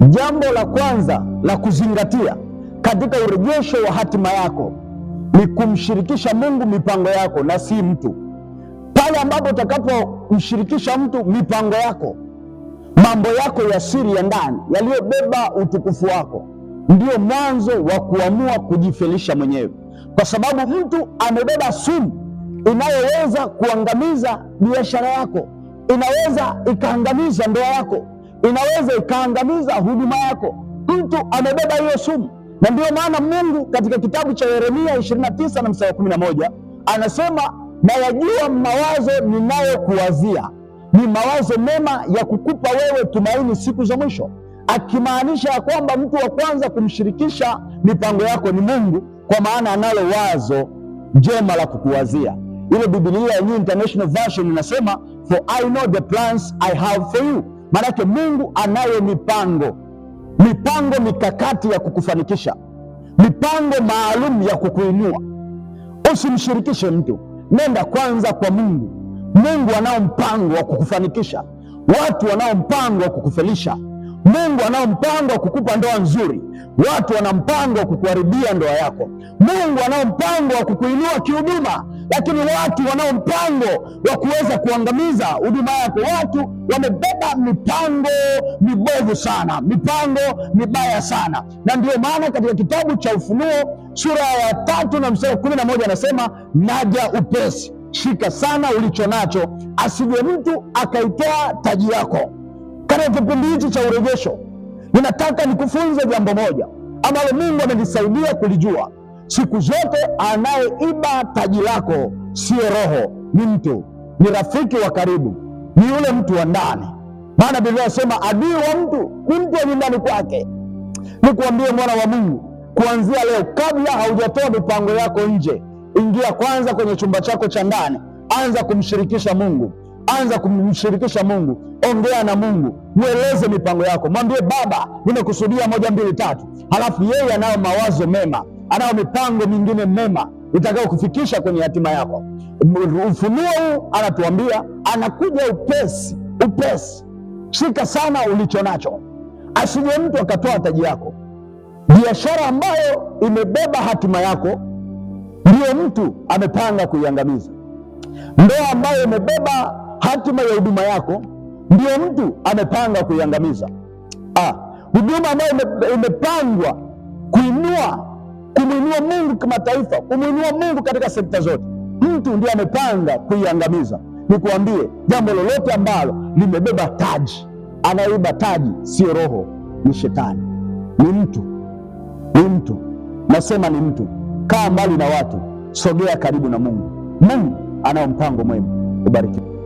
Jambo la kwanza la kuzingatia katika urejesho wa hatima yako ni kumshirikisha Mungu mipango yako na si mtu. Pale ambapo utakapomshirikisha mtu mipango yako, mambo yako ya siri ya ndani yaliyobeba utukufu wako, ndio mwanzo wa kuamua kujifelisha mwenyewe, kwa sababu mtu amebeba sumu inayoweza kuangamiza biashara yako, inaweza ikaangamiza ndoa yako inaweza ikaangamiza huduma yako. Mtu amebeba hiyo sumu, na ndiyo maana Mungu katika kitabu cha Yeremia 29 na mstari 11 anasema, nayajua mawazo ninayokuwazia ni mawazo mema ya kukupa wewe tumaini siku za mwisho, akimaanisha ya kwamba mtu wa kwanza kumshirikisha mipango yako ni Mungu, kwa maana analo wazo jema la kukuwazia. Ile Biblia ya New International Version inasema, for I know the plans I have for you Maanake Mungu anayo mipango, mipango mikakati ya kukufanikisha, mipango maalum ya kukuinua. Usimshirikishe mtu, nenda kwanza kwa Mungu. Mungu anao mpango wa kukufanikisha, watu wanao mpango wa kukufelisha. Mungu anao mpango wa kukupa ndoa nzuri, watu wana mpango wa kukuharibia ndoa yako. Mungu anao mpango wa kukuinua kihuduma lakini watu wanao mpango wa kuweza kuangamiza huduma yako. Watu wamebeba mipango mibovu sana, mipango mibaya sana, na ndiyo maana katika kitabu cha Ufunuo sura ya tatu na mstari kumi na moja anasema naja upesi, shika sana ulicho nacho, asije mtu akaitoa taji yako. Katika kipindi hichi cha urejesho, ninataka nikufunze jambo moja ambalo Mungu amenisaidia kulijua Siku zote anayeiba taji lako sio roho, ni mtu, ni rafiki wa karibu, ni yule mtu wa ndani. Maana Biblia inasema adui wa mtu ni mtu wa nyumbani kwake. Nikuambie mwana wa Mungu, kuanzia leo, kabla haujatoa mipango yako nje, ingia kwanza kwenye chumba chako cha ndani, anza kumshirikisha Mungu, anza kumshirikisha Mungu, ongea na Mungu, mweleze mipango yako, mwambie Baba, nimekusudia moja, mbili, tatu. Halafu yeye anayo mawazo mema anayo mipango mingine mema itakayokufikisha kwenye hatima yako. Ufunuo huu anatuambia anakuja upesi upesi. Shika sana ulicho nacho, asije mtu akatoa taji yako. Biashara ambayo imebeba hatima yako ndiyo mtu amepanga kuiangamiza. Ndoa ambayo imebeba hatima ya huduma yako ndiyo mtu amepanga kuiangamiza. Ah, huduma ambayo imepangwa kuinua kumwinua Mungu kimataifa, kumwinua Mungu katika sekta zote. Mtu ndiye amepanga kuiangamiza. Nikuambie, jambo lolote ambalo limebeba taji, anayeiba taji sio roho, ni shetani, ni mtu, ni mtu. Nasema ni mtu. Kaa mbali na watu, sogea karibu na Mungu. Mungu anao mpango mwema. Ubarikiwe.